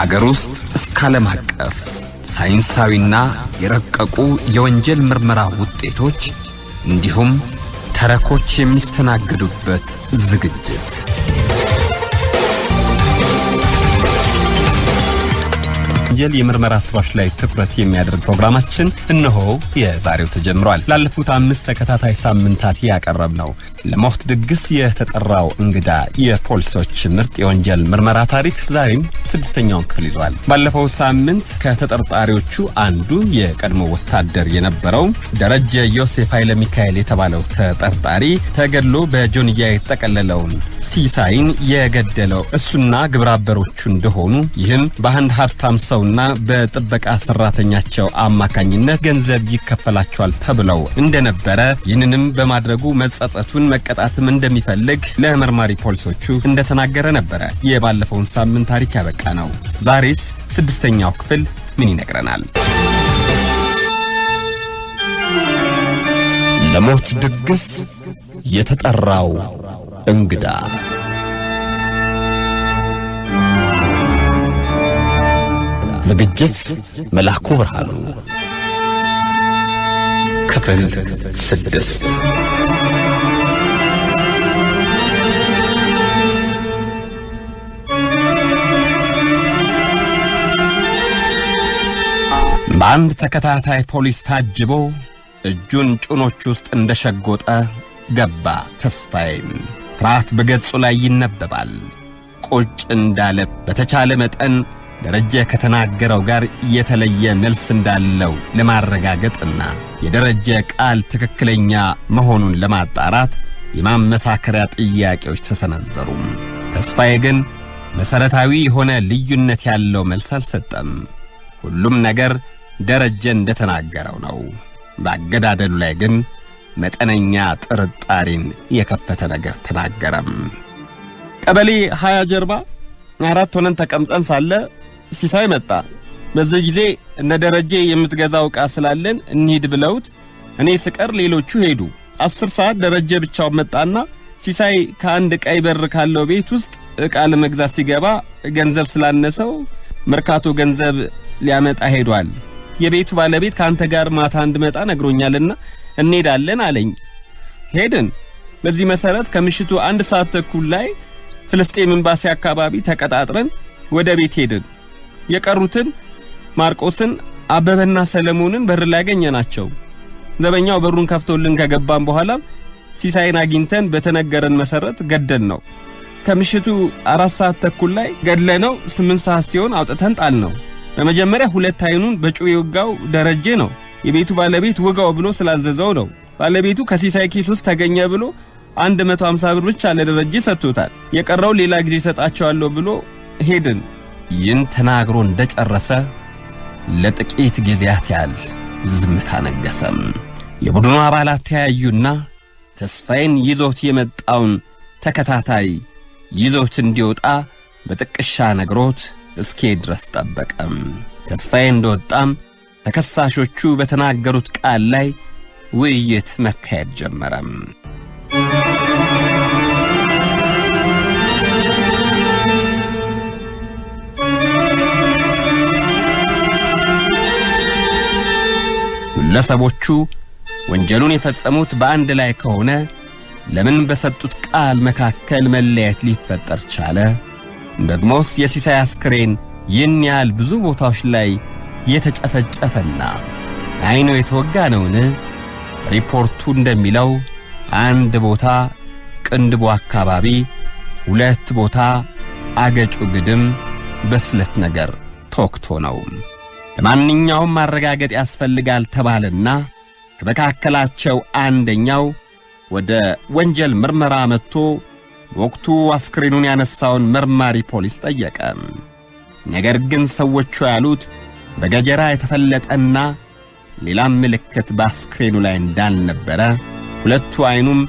ከሀገር ውስጥ እስከ ዓለም አቀፍ ሳይንሳዊና የረቀቁ የወንጀል ምርመራ ውጤቶች እንዲሁም ተረኮች የሚስተናገዱበት ዝግጅት ወንጀል የምርመራ ስራዎች ላይ ትኩረት የሚያደርግ ፕሮግራማችን እነሆ የዛሬው ተጀምሯል። ላለፉት አምስት ተከታታይ ሳምንታት ያቀረብ ነው ለሞት ድግስ የተጠራው እንግዳ የፖሊሶች ምርጥ የወንጀል ምርመራ ታሪክ ዛሬም ስድስተኛውን ክፍል ይዟል። ባለፈው ሳምንት ከተጠርጣሪዎቹ አንዱ የቀድሞ ወታደር የነበረው ደረጀ ዮሴፍ ኃይለ ሚካኤል የተባለው ተጠርጣሪ ተገድሎ በጆንያ የተጠቀለለውን ሲሳይን የገደለው እሱና ግብረ አበሮቹ እንደሆኑ ይህም በአንድ ሀብታም ሰው በራሳቸውና በጥበቃ ሰራተኛቸው አማካኝነት ገንዘብ ይከፈላቸዋል ተብለው እንደነበረ ይህንንም በማድረጉ መጸጸቱን መቀጣትም እንደሚፈልግ ለመርማሪ ፖሊሶቹ እንደተናገረ ነበረ። የባለፈውን ሳምንት ታሪክ ያበቃ ነው። ዛሬስ ስድስተኛው ክፍል ምን ይነግረናል? ለሞት ድግስ የተጠራው እንግዳ ዝግጅት መላኩ ብርሃኑ ክፍል ስድስት በአንድ ተከታታይ ፖሊስ ታጅቦ እጁን ጭኖች ውስጥ እንደሸጎጠ ገባ። ተስፋዬም ፍርሃት በገጹ ላይ ይነበባል። ቁጭ እንዳለ በተቻለ መጠን ደረጀ ከተናገረው ጋር የተለየ መልስ እንዳለው ለማረጋገጥና የደረጀ ቃል ትክክለኛ መሆኑን ለማጣራት የማመሳከሪያ ጥያቄዎች ተሰነዘሩ። ተስፋዬ ግን መሠረታዊ የሆነ ልዩነት ያለው መልስ አልሰጠም። ሁሉም ነገር ደረጀ እንደተናገረው ነው። በአገዳደሉ ላይ ግን መጠነኛ ጥርጣሬን የከፈተ ነገር ተናገረም። ቀበሌ ሀያ ጀርባ አራት ሆነን ተቀምጠን ሳለ ሲሳይ መጣ። በዚህ ጊዜ እነ ደረጀ የምትገዛው ዕቃ ስላለን እንሂድ ብለውት እኔ ስቀር ሌሎቹ ሄዱ። አስር ሰዓት ደረጀ ብቻውን መጣና ሲሳይ ከአንድ ቀይ በር ካለው ቤት ውስጥ ዕቃ ለመግዛት ሲገባ ገንዘብ ስላነሰው መርካቶ ገንዘብ ሊያመጣ ሄዷል። የቤቱ ባለቤት ከአንተ ጋር ማታ እንድመጣ ነግሮኛልና እንሄዳለን አለኝ። ሄድን። በዚህ መሰረት ከምሽቱ አንድ ሰዓት ተኩል ላይ ፍልስጤም ኤምባሲ አካባቢ ተቀጣጥረን ወደ ቤት ሄድን። የቀሩትን ማርቆስን፣ አበበና ሰለሞንን በር ላይ ያገኘናቸው። ዘበኛው በሩን ከፍቶልን ከገባን በኋላ ሲሳይን አግኝተን በተነገረን መሰረት ገደል ነው። ከምሽቱ አራት ሰዓት ተኩል ላይ ገድለ ነው። ስምንት ሰዓት ሲሆን አውጥተን ጣል ነው። በመጀመሪያ ሁለት አይኑን በጩቤ የወጋው ደረጀ ነው። የቤቱ ባለቤት ውጋው ብሎ ስላዘዘው ነው። ባለቤቱ ከሲሳይ ኪስ ውስጥ ተገኘ ብሎ 150 ብር ብቻ ለደረጀ ሰጥቶታል። የቀረው ሌላ ጊዜ ሰጣቸዋለሁ ብሎ ሄድን። ይህን ተናግሮ እንደጨረሰ ለጥቂት ጊዜያት ያህል ዝምታ ነገሰም። የቡድኑ አባላት ተያዩና ተስፋዬን ይዞት የመጣውን ተከታታይ ይዞት እንዲወጣ በጥቅሻ ነግሮት እስኬ ድረስ ጠበቀም። ተስፋዬ እንደወጣም ተከሳሾቹ በተናገሩት ቃል ላይ ውይይት መካሄድ ጀመረም። ግለሰቦቹ ወንጀሉን የፈጸሙት በአንድ ላይ ከሆነ ለምን በሰጡት ቃል መካከል መለያየት ሊፈጠር ቻለ? ደግሞስ የሲሳይ አስክሬን ይህን ያህል ብዙ ቦታዎች ላይ የተጨፈጨፈና አይኑ የተወጋ ነውን? ሪፖርቱ እንደሚለው አንድ ቦታ ቅንድቡ አካባቢ፣ ሁለት ቦታ አገጩ ግድም በስለት ነገር ተወክቶ ነው። ለማንኛውም ማረጋገጥ ያስፈልጋል ተባለና ከመካከላቸው አንደኛው ወደ ወንጀል ምርመራ መጥቶ በወቅቱ አስክሬኑን ያነሳውን መርማሪ ፖሊስ ጠየቀ። ነገር ግን ሰዎቹ ያሉት በገጀራ የተፈለጠና ሌላም ምልክት በአስክሬኑ ላይ እንዳልነበረ፣ ሁለቱ ዐይኑም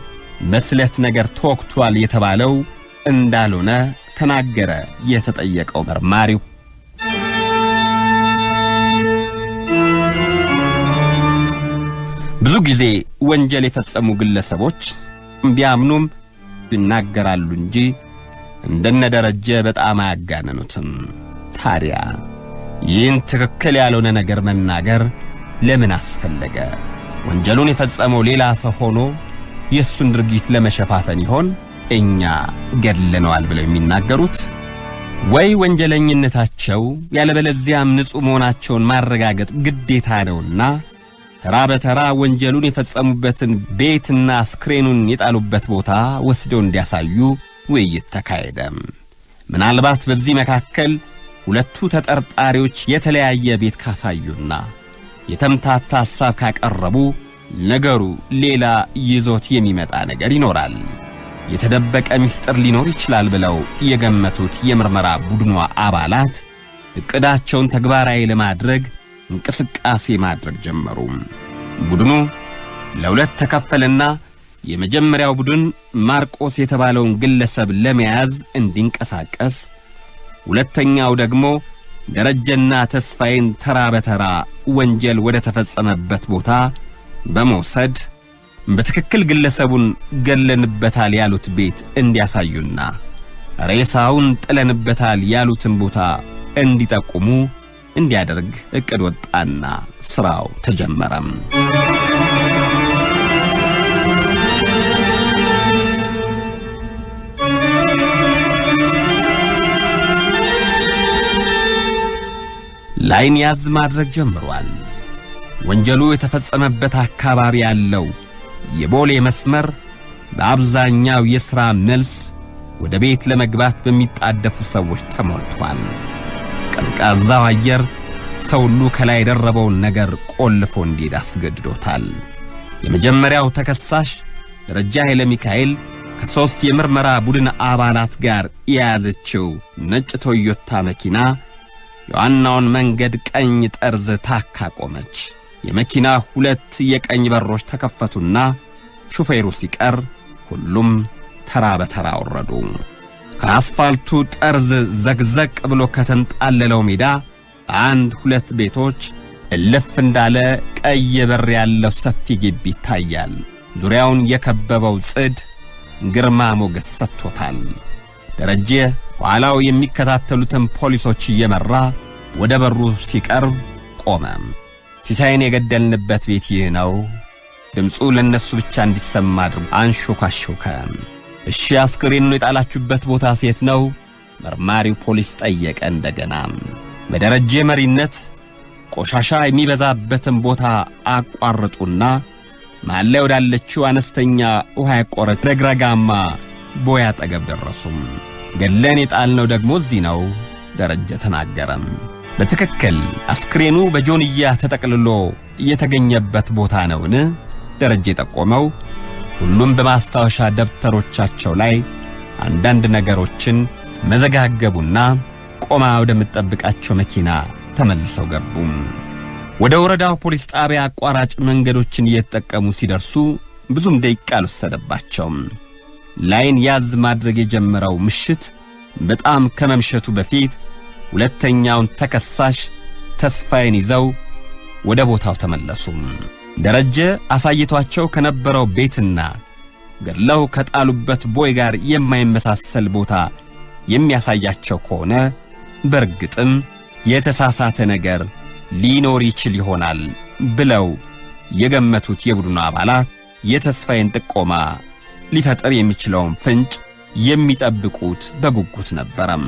መስለት ነገር ተወክቷል የተባለው እንዳልሆነ ተናገረ የተጠየቀው መርማሪው ብዙ ጊዜ ወንጀል የፈጸሙ ግለሰቦች ቢያምኑም ይናገራሉ እንጂ እንደነ ደረጀ በጣም አያጋነኑትም። ታዲያ ይህን ትክክል ያልሆነ ነገር መናገር ለምን አስፈለገ? ወንጀሉን የፈጸመው ሌላ ሰው ሆኖ የእሱን ድርጊት ለመሸፋፈን ይሆን? እኛ ገድለነዋል ብለው የሚናገሩት ወይ ወንጀለኝነታቸው ያለበለዚያም ንጹሕ መሆናቸውን ማረጋገጥ ግዴታ ነውና ተራ በተራ ወንጀሉን የፈጸሙበትን ቤትና አስክሬኑን የጣሉበት ቦታ ወስደው እንዲያሳዩ ውይይት ተካሄደ። ምናልባት በዚህ መካከል ሁለቱ ተጠርጣሪዎች የተለያየ ቤት ካሳዩና የተምታታ ሐሳብ ካቀረቡ ነገሩ ሌላ ይዞት የሚመጣ ነገር ይኖራል። የተደበቀ ምስጢር ሊኖር ይችላል ብለው የገመቱት የምርመራ ቡድኗ አባላት ዕቅዳቸውን ተግባራዊ ለማድረግ እንቅስቃሴ ማድረግ ጀመሩ። ቡድኑ ለሁለት ተከፈለና የመጀመሪያው ቡድን ማርቆስ የተባለውን ግለሰብ ለመያዝ እንዲንቀሳቀስ፣ ሁለተኛው ደግሞ ደረጀና ተስፋዬን ተራ በተራ ወንጀል ወደ ተፈጸመበት ቦታ በመውሰድ በትክክል ግለሰቡን ገለንበታል ያሉት ቤት እንዲያሳዩና ሬሳውን ጥለንበታል ያሉትን ቦታ እንዲጠቁሙ እንዲያደርግ እቅድ ወጣና ስራው ተጀመረም። ላይን ያዝ ማድረግ ጀምሯል። ወንጀሉ የተፈጸመበት አካባቢ ያለው የቦሌ መስመር በአብዛኛው የሥራ መልስ ወደ ቤት ለመግባት በሚጣደፉ ሰዎች ተሞልቷል። ቀዝቃዛው አየር ሰው ሁሉ ከላይ የደረበውን ነገር ቆልፎ እንዲሄድ አስገድዶታል። የመጀመሪያው ተከሳሽ ደረጃ ኃይለ ሚካኤል ከሦስት የምርመራ ቡድን አባላት ጋር የያዘችው ነጭ ቶዮታ መኪና የዋናውን መንገድ ቀኝ ጠርዝ ታካ ቆመች። የመኪና ሁለት የቀኝ በሮች ተከፈቱና ሹፌሩ ሲቀር ሁሉም ተራ በተራ ወረዱ። ከአስፋልቱ ጠርዝ ዘግዘቅ ብሎ ከተንጣለለው ሜዳ አንድ ሁለት ቤቶች እልፍ እንዳለ ቀይ በር ያለው ሰፊ ግቢ ይታያል። ዙሪያውን የከበበው ጽድ ግርማ ሞገስ ሰጥቶታል። ደረጀ ኋላው የሚከታተሉትን ፖሊሶች እየመራ ወደ በሩ ሲቀርብ ቆመ። ሲሳይን የገደልንበት ቤት ይህ ነው። ድምፁ ለእነሱ ብቻ እንዲሰማ አድርጎ አንሾካሾከ። እሺ አስክሬኑን የጣላችሁበት ቦታ ሴት ነው? መርማሪው ፖሊስ ጠየቀ። እንደገና በደረጀ መሪነት ቆሻሻ የሚበዛበትን ቦታ አቋርጡና መሃል ላይ ወዳለችው አነስተኛ ውሃ ያቆረች ረግረጋማ ቦይ አጠገብ ደረሱም። ገለን የጣልነው ደግሞ እዚህ ነው፣ ደረጀ ተናገረም። በትክክል አስክሬኑ በጆንያ ተጠቅልሎ የተገኘበት ቦታ ነውን? ደረጀ የጠቆመው ሁሉም በማስታወሻ ደብተሮቻቸው ላይ አንዳንድ ነገሮችን መዘጋገቡና ቆማ ወደምትጠብቃቸው መኪና ተመልሰው ገቡም። ወደ ወረዳው ፖሊስ ጣቢያ አቋራጭ መንገዶችን እየተጠቀሙ ሲደርሱ ብዙም ደቂቃ አልወሰደባቸውም። ላይን ያዝ ማድረግ የጀመረው ምሽት በጣም ከመምሸቱ በፊት ሁለተኛውን ተከሳሽ ተስፋዬን ይዘው ወደ ቦታው ተመለሱም። ደረጀ አሳይቷቸው ከነበረው ቤትና ገድለው ከጣሉበት ቦይ ጋር የማይመሳሰል ቦታ የሚያሳያቸው ከሆነ በእርግጥም የተሳሳተ ነገር ሊኖር ይችል ይሆናል ብለው የገመቱት የቡድኑ አባላት የተስፋዬን ጥቆማ ሊፈጥር የሚችለውን ፍንጭ የሚጠብቁት በጉጉት ነበረም።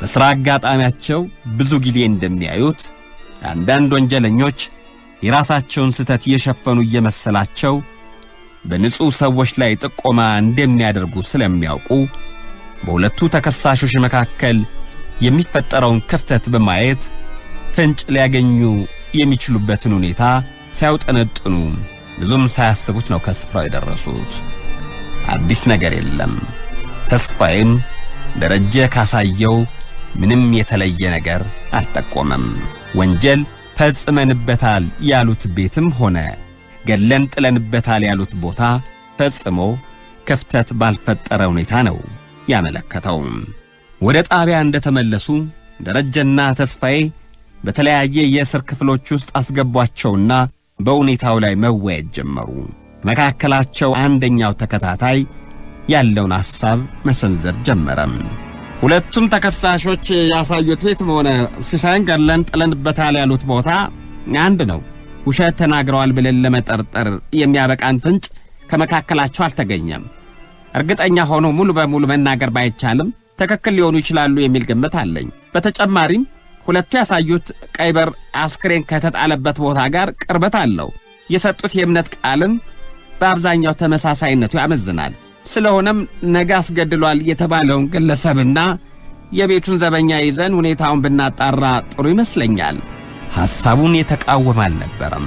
በሥራ አጋጣሚያቸው ብዙ ጊዜ እንደሚያዩት አንዳንድ ወንጀለኞች የራሳቸውን ስህተት እየሸፈኑ እየመሰላቸው በንጹሕ ሰዎች ላይ ጥቆማ እንደሚያደርጉ ስለሚያውቁ በሁለቱ ተከሳሾች መካከል የሚፈጠረውን ክፍተት በማየት ፍንጭ ሊያገኙ የሚችሉበትን ሁኔታ ሳያውጠነጥኑ ብዙም ሳያስቡት ነው ከስፍራው የደረሱት። አዲስ ነገር የለም። ተስፋዬም ደረጀ ካሳየው ምንም የተለየ ነገር አልጠቆመም። ወንጀል ፈጽመንበታል ያሉት ቤትም ሆነ ገለን ጥለንበታል ያሉት ቦታ ፈጽሞ ክፍተት ባልፈጠረ ሁኔታ ነው ያመለከተው። ወደ ጣቢያ እንደተመለሱ ደረጀና ተስፋዬ በተለያየ የእስር ክፍሎች ውስጥ አስገቧቸውና በሁኔታው ላይ መወያየት ጀመሩ። መካከላቸው አንደኛው ተከታታይ ያለውን ሐሳብ መሰንዘር ጀመረም። ሁለቱም ተከሳሾች ያሳዩት ቤትም ሆነ ሲሳይን ገለን ጥለንበታል ያሉት ቦታ አንድ ነው። ውሸት ተናግረዋል ብለን ለመጠርጠር የሚያበቃን ፍንጭ ከመካከላቸው አልተገኘም። እርግጠኛ ሆኖ ሙሉ በሙሉ መናገር ባይቻልም ትክክል ሊሆኑ ይችላሉ የሚል ግምት አለኝ። በተጨማሪም ሁለቱ ያሳዩት ቀይ በር አስክሬን ከተጣለበት ቦታ ጋር ቅርበት አለው። የሰጡት የእምነት ቃልም በአብዛኛው ተመሳሳይነቱ ያመዝናል። ስለሆነም ነገ አስገድሏል የተባለውን ግለሰብና የቤቱን ዘበኛ ይዘን ሁኔታውን ብናጣራ ጥሩ ይመስለኛል። ሐሳቡን የተቃወመ አልነበረም።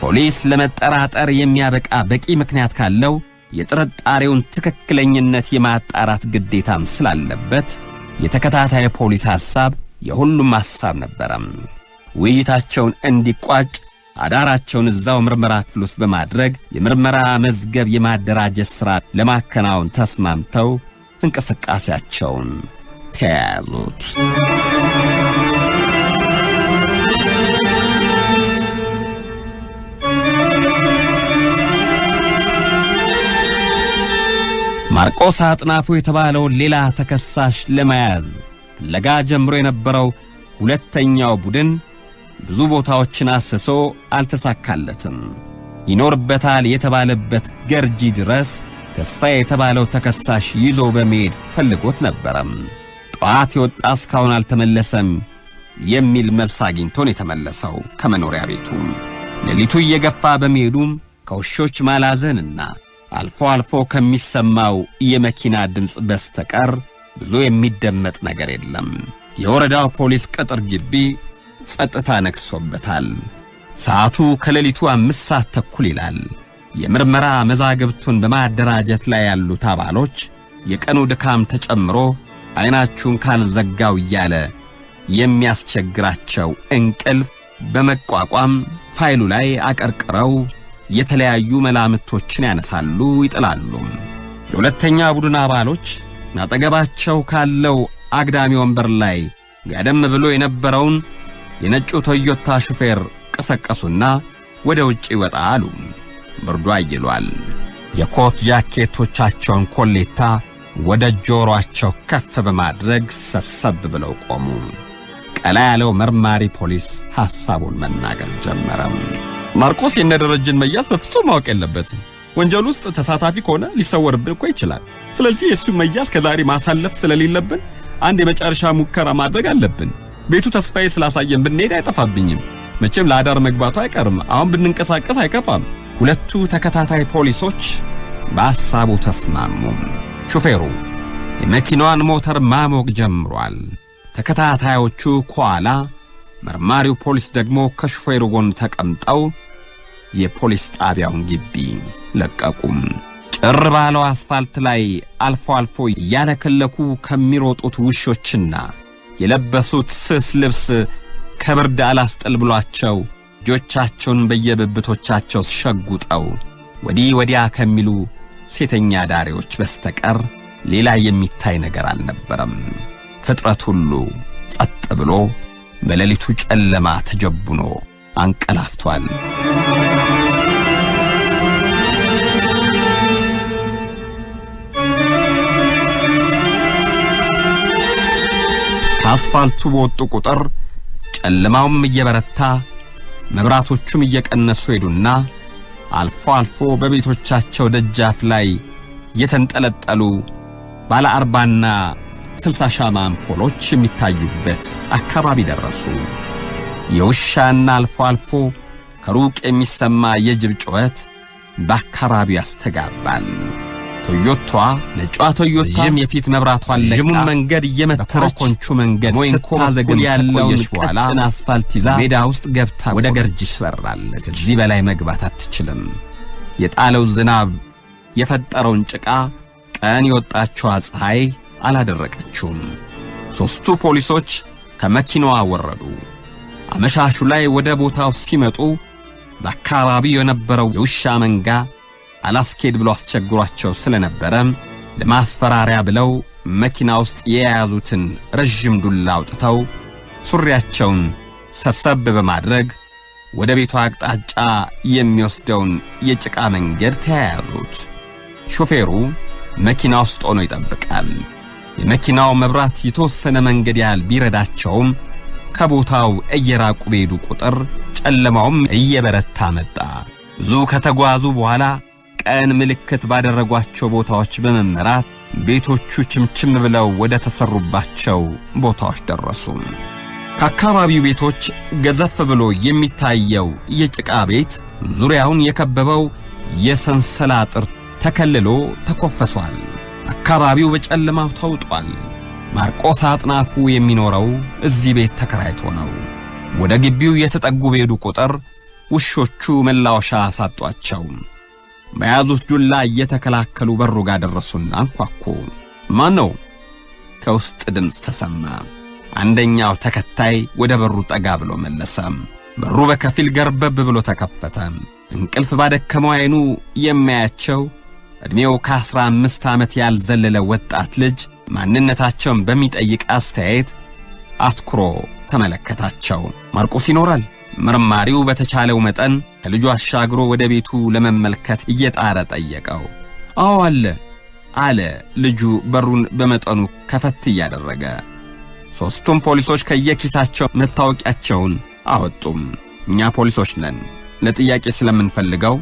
ፖሊስ ለመጠራጠር የሚያበቃ በቂ ምክንያት ካለው የጥርጣሬውን ትክክለኝነት የማጣራት ግዴታም ስላለበት የተከታታይ ፖሊስ ሐሳብ የሁሉም ሐሳብ ነበረም። ውይይታቸውን እንዲቋጭ አዳራቸውን እዛው ምርመራ ክፍል ውስጥ በማድረግ የምርመራ መዝገብ የማደራጀት ሥራ ለማከናወን ተስማምተው እንቅስቃሴያቸውን ተያያዙት። ማርቆስ አጥናፉ የተባለውን ሌላ ተከሳሽ ለመያዝ ፍለጋ ጀምሮ የነበረው ሁለተኛው ቡድን ብዙ ቦታዎችን አስሶ አልተሳካለትም። ይኖርበታል የተባለበት ገርጂ ድረስ ተስፋ የተባለው ተከሳሽ ይዞ በመሄድ ፈልጎት ነበረም። ጠዋት የወጣ እስካሁን አልተመለሰም የሚል መልስ አግኝቶን የተመለሰው ከመኖሪያ ቤቱ ሌሊቱ እየገፋ በመሄዱም ከውሾች ማላዘንና አልፎ አልፎ ከሚሰማው የመኪና ድምፅ በስተቀር ብዙ የሚደመጥ ነገር የለም። የወረዳው ፖሊስ ቅጥር ግቢ ጸጥታ ነክሶበታል። ሰዓቱ ከሌሊቱ አምስት ሰዓት ተኩል ይላል። የምርመራ መዛግብቱን በማደራጀት ላይ ያሉት አባሎች የቀኑ ድካም ተጨምሮ ዐይናችሁን ካልዘጋው እያለ የሚያስቸግራቸው እንቅልፍ በመቋቋም ፋይሉ ላይ አቀርቅረው የተለያዩ መላምቶችን ያነሳሉ፣ ይጥላሉም። የሁለተኛ ቡድን አባሎች አጠገባቸው ካለው አግዳሚ ወንበር ላይ ጋደም ብሎ የነበረውን የነጩ ቶዮታ ሹፌር ቀሰቀሱና ወደ ውጭ ይወጣ አሉ። ብርዱ አይሏል። የኮት ጃኬቶቻቸውን ኮሌታ ወደ ጆሮአቸው ከፍ በማድረግ ሰብሰብ ብለው ቆሙ። ቀላ ያለው መርማሪ ፖሊስ ሐሳቡን መናገር ጀመረም። ማርቆስ የነ ደረጀን መያዝ በፍጹም ማወቅ የለበትም። ወንጀል ውስጥ ተሳታፊ ከሆነ ሊሰወርብን እኮ ይችላል። ስለዚህ የእሱ መያዝ ከዛሬ ማሳለፍ ስለሌለብን አንድ የመጨረሻ ሙከራ ማድረግ አለብን። ቤቱ ተስፋዬ ስላሳየን ብንሄድ አይጠፋብኝም። መቼም ለአዳር መግባቱ አይቀርም። አሁን ብንንቀሳቀስ አይከፋም። ሁለቱ ተከታታይ ፖሊሶች በሐሳቡ ተስማሙ። ሹፌሩ የመኪናዋን ሞተር ማሞቅ ጀምሯል። ተከታታዮቹ ከኋላ፣ መርማሪው ፖሊስ ደግሞ ከሹፌሩ ጎን ተቀምጠው የፖሊስ ጣቢያውን ግቢ ለቀቁም። ጭር ባለው አስፋልት ላይ አልፎ አልፎ እያለከለኩ ከሚሮጡት ውሾችና የለበሱት ስስ ልብስ ከብርድ አላስጥል ብሏቸው እጆቻቸውን በየብብቶቻቸው ሸጉጠው ወዲህ ወዲያ ከሚሉ ሴተኛ ዳሪዎች በስተቀር ሌላ የሚታይ ነገር አልነበረም። ፍጥረት ሁሉ ጸጥ ብሎ በሌሊቱ ጨለማ ተጀቡኖ አንቀላፍቷል። ከአስፋልቱ በወጡ ቁጥር ጨለማውም እየበረታ መብራቶቹም እየቀነሱ ሄዱና አልፎ አልፎ በቤቶቻቸው ደጃፍ ላይ የተንጠለጠሉ ባለ አርባና ስልሳ ሻማ አምፖሎች የሚታዩበት አካባቢ ደረሱ። የውሻና አልፎ አልፎ ከሩቅ የሚሰማ የጅብ ጩኸት በአካባቢው ያስተጋባል። ቶዮቷ ነጯ ቶዮታ ይህም የፊት መብራቷን ለቃ ይህም መንገድ እየመተረች ኮንቹ መንገድ ሞይንኮ ዘግን ያለውን ቀጭን አስፋልት ይዛ ሜዳ ውስጥ ገብታ ወደ ገርጅ ትበራለች። ከዚህ በላይ መግባት አትችልም። የጣለው ዝናብ የፈጠረውን ጭቃ ቀን የወጣችዋ ፀሐይ አላደረቀችውም። ሦስቱ ፖሊሶች ከመኪናዋ ወረዱ። አመሻሹ ላይ ወደ ቦታው ሲመጡ በአካባቢው የነበረው የውሻ መንጋ አላስኬድ ብሎ አስቸግሯቸው ስለነበረ ለማስፈራሪያ ብለው መኪና ውስጥ የያዙትን ረዥም ዱላ አውጥተው ሱሪያቸውን ሰብሰብ በማድረግ ወደ ቤቷ አቅጣጫ የሚወስደውን የጭቃ መንገድ ተያያዙት። ሾፌሩ መኪና ውስጥ ሆኖ ይጠብቃል። የመኪናው መብራት የተወሰነ መንገድ ያህል ቢረዳቸውም ከቦታው እየራቁ በሄዱ ቁጥር ጨለማውም እየበረታ መጣ። ብዙ ከተጓዙ በኋላ ቀን ምልክት ባደረጓቸው ቦታዎች በመመራት ቤቶቹ ችምችም ብለው ወደ ተሰሩባቸው ቦታዎች ደረሱ። ከአካባቢው ቤቶች ገዘፍ ብሎ የሚታየው የጭቃ ቤት ዙሪያውን የከበበው የሰንሰላ አጥር ተከልሎ ተኮፈሷል። አካባቢው በጨለማው ተውጧል። ማርቆስ አጥናፉ የሚኖረው እዚህ ቤት ተከራይቶ ነው። ወደ ግቢው የተጠጉ በሄዱ ቁጥር ውሾቹ መላወሻ ሳጧቸው። በያዙት ዱላ እየተከላከሉ በሩ ጋር ደረሱና አንኳኩ። ማን ነው? ከውስጥ ድምፅ ተሰማ። አንደኛው ተከታይ ወደ በሩ ጠጋ ብሎ መለሰ። በሩ በከፊል ገርበብ ብሎ ተከፈተ። እንቅልፍ ባደከመው ዓይኑ የሚያያቸው ዕድሜው ከአሥራ አምስት ዓመት ያልዘለለ ወጣት ልጅ ማንነታቸውን በሚጠይቅ አስተያየት አትኩሮ ተመለከታቸው። ማርቆስ ይኖራል መርማሪው በተቻለው መጠን ከልጁ አሻግሮ ወደ ቤቱ ለመመልከት እየጣረ ጠየቀው። አዎ አለ አለ ልጁ በሩን በመጠኑ ከፈት እያደረገ። ሦስቱም ፖሊሶች ከየኪሳቸው መታወቂያቸውን አወጡም። እኛ ፖሊሶች ነን ለጥያቄ ስለምንፈልገው።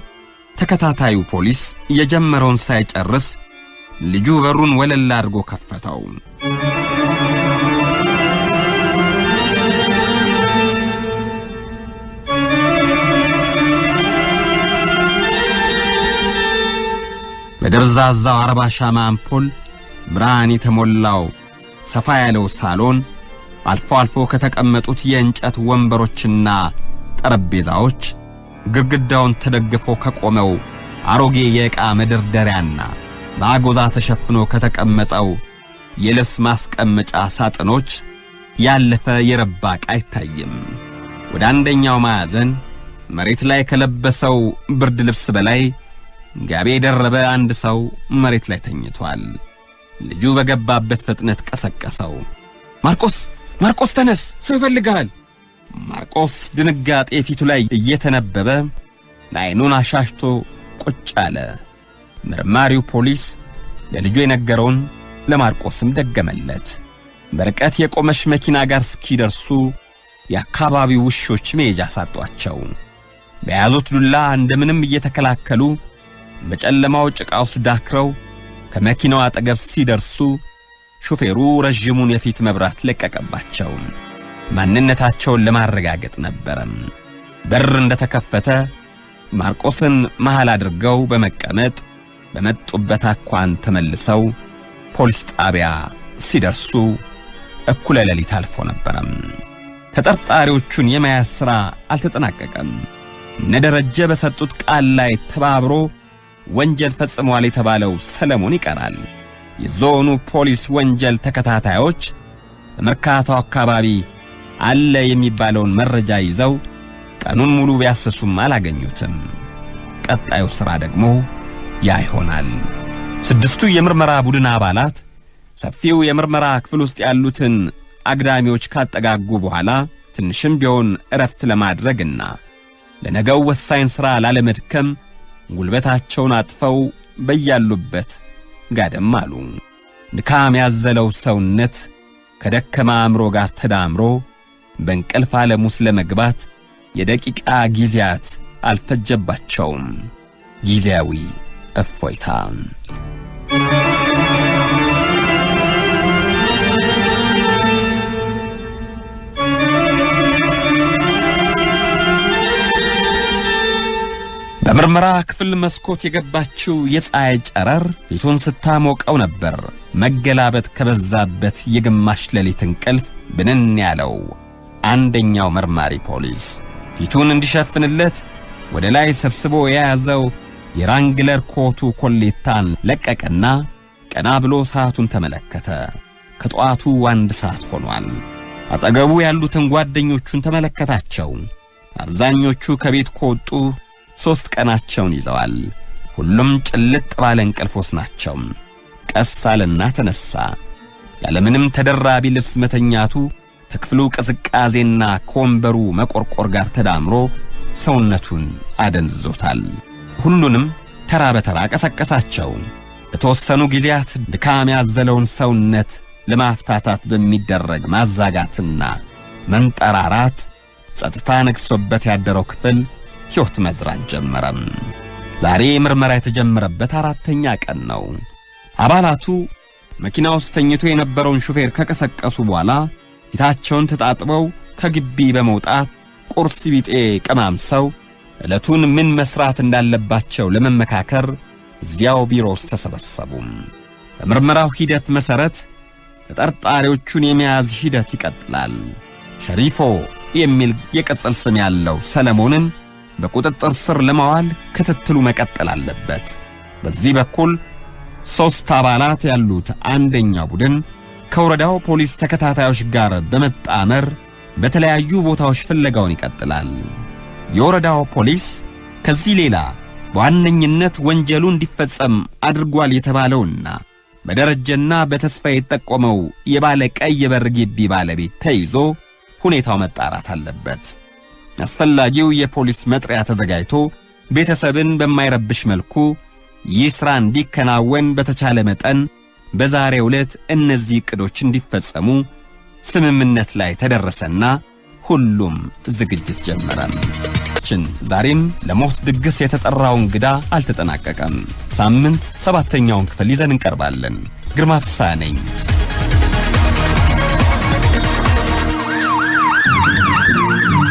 ተከታታዩ ፖሊስ የጀመረውን ሳይጨርስ ልጁ በሩን ወለል አድርጎ ከፈተው። በደብዛዛው አርባ ሻማ አምፖል ብርሃን የተሞላው ሰፋ ያለው ሳሎን አልፎ አልፎ ከተቀመጡት የእንጨት ወንበሮችና ጠረጴዛዎች ግድግዳውን ተደግፎ ከቆመው አሮጌ የዕቃ መደርደሪያና በአጎዛ ተሸፍኖ ከተቀመጠው የልብስ ማስቀመጫ ሳጥኖች ያለፈ የረባ ዕቃ አይታይም። ወደ አንደኛው ማዕዘን መሬት ላይ ከለበሰው ብርድ ልብስ በላይ ጋቢ የደረበ አንድ ሰው መሬት ላይ ተኝቷል። ልጁ በገባበት ፍጥነት ቀሰቀሰው። ማርቆስ ማርቆስ ተነስ፣ ሰው ይፈልግሃል። ማርቆስ ድንጋጤ ፊቱ ላይ እየተነበበ አይኑን አሻሽቶ ቁጭ አለ። መርማሪው ፖሊስ ለልጁ የነገረውን ለማርቆስም ደገመለት። በርቀት የቆመች መኪና ጋር እስኪደርሱ የአካባቢው ውሾች መሄጃ ሳጧቸው። በያዙት ዱላ እንደምንም እየተከላከሉ በጨለማው ጭቃ ውስጥ ዳክረው ከመኪናው አጠገብ ሲደርሱ ሹፌሩ ረዥሙን የፊት መብራት ለቀቀባቸው። ማንነታቸውን ለማረጋገጥ ነበረም። በር እንደተከፈተ ማርቆስን መሃል አድርገው በመቀመጥ በመጡበት አኳን ተመልሰው ፖሊስ ጣቢያ ሲደርሱ እኩለ ሌሊት አልፎ ነበረም። ተጠርጣሪዎቹን የመያዝ ሥራ አልተጠናቀቀም። እነ ደረጀ በሰጡት ቃል ላይ ተባብሮ ወንጀል ፈጽሟል የተባለው ሰለሞን ይቀራል። የዞኑ ፖሊስ ወንጀል ተከታታዮች በመርካታው አካባቢ አለ የሚባለውን መረጃ ይዘው ቀኑን ሙሉ ቢያሰሱም አላገኙትም። ቀጣዩ ሥራ ደግሞ ያ ይሆናል። ስድስቱ የምርመራ ቡድን አባላት ሰፊው የምርመራ ክፍል ውስጥ ያሉትን አግዳሚዎች ካጠጋጉ በኋላ ትንሽም ቢሆን እረፍት ለማድረግና ለነገው ወሳኝ ሥራ ላለመድከም ጉልበታቸውን አጥፈው በያሉበት ጋደም አሉ። ድካም ያዘለው ሰውነት ከደከማ አእምሮ ጋር ተዳምሮ በእንቅልፍ ዓለም ውስጥ ለመግባት የደቂቃ ጊዜያት አልፈጀባቸውም። ጊዜያዊ እፎይታ በምርመራ ክፍል መስኮት የገባችው የፀሐይ ጨረር ፊቱን ስታሞቀው ነበር መገላበት ከበዛበት የግማሽ ሌሊት እንቅልፍ ብንን ያለው። አንደኛው መርማሪ ፖሊስ ፊቱን እንዲሸፍንለት ወደ ላይ ሰብስቦ የያዘው የራንግለር ኮቱ ኮሌታን ለቀቀና ቀና ብሎ ሰዓቱን ተመለከተ። ከጠዋቱ አንድ ሰዓት ሆኗል። አጠገቡ ያሉትን ጓደኞቹን ተመለከታቸው። አብዛኞቹ ከቤት ከወጡ ሦስት ቀናቸውን ይዘዋል። ሁሉም ጭልጥ ባለ እንቅልፎስ ናቸው። ቀስ አለና ተነሳ! ያለምንም ተደራቢ ልብስ መተኛቱ ከክፍሉ ቅዝቃዜና ከወንበሩ መቆርቆር ጋር ተዳምሮ ሰውነቱን አደንዝዞታል። ሁሉንም ተራ በተራ ቀሰቀሳቸው። በተወሰኑ ጊዜያት ድካም ያዘለውን ሰውነት ለማፍታታት በሚደረግ ማዛጋትና መንጠራራት ጸጥታ ነግሶበት ያደረው ክፍል ሕይወት መዝራት ጀመረም። ዛሬ ምርመራ የተጀመረበት አራተኛ ቀን ነው። አባላቱ መኪና ውስጥ ተኝቶ የነበረውን ሹፌር ከቀሰቀሱ በኋላ ፊታቸውን ተጣጥበው ከግቢ በመውጣት ቁርስ ቢጤ ቀማምሰው ዕለቱን ምን መስራት እንዳለባቸው ለመመካከር እዚያው ቢሮ ውስጥ ተሰበሰቡ። በምርመራው ሂደት መሰረት ተጠርጣሪዎቹን የመያዝ ሂደት ይቀጥላል። ሸሪፎ የሚል የቅጽል ስም ያለው ሰለሞንን በቁጥጥር ስር ለማዋል ክትትሉ መቀጠል አለበት። በዚህ በኩል ሦስት አባላት ያሉት አንደኛ ቡድን ከወረዳው ፖሊስ ተከታታዮች ጋር በመጣመር በተለያዩ ቦታዎች ፍለጋውን ይቀጥላል። የወረዳው ፖሊስ ከዚህ ሌላ በዋነኝነት ወንጀሉ እንዲፈጸም አድርጓል የተባለውና በደረጀና በተስፋ የተጠቆመው የባለ ቀይ በር ግቢ ባለቤት ተይዞ ሁኔታው መጣራት አለበት። አስፈላጊው የፖሊስ መጥሪያ ተዘጋጅቶ ቤተሰብን በማይረብሽ መልኩ ይህ ሥራ እንዲከናወን በተቻለ መጠን በዛሬ ዕለት እነዚህ ዕቅዶች እንዲፈጸሙ ስምምነት ላይ ተደረሰና ሁሉም ዝግጅት ጀመረም። ችን ዛሬም ለሞት ድግስ የተጠራው እንግዳ አልተጠናቀቀም። ሳምንት ሰባተኛውን ክፍል ይዘን እንቀርባለን። ግርማ ፍስሐ ነኝ።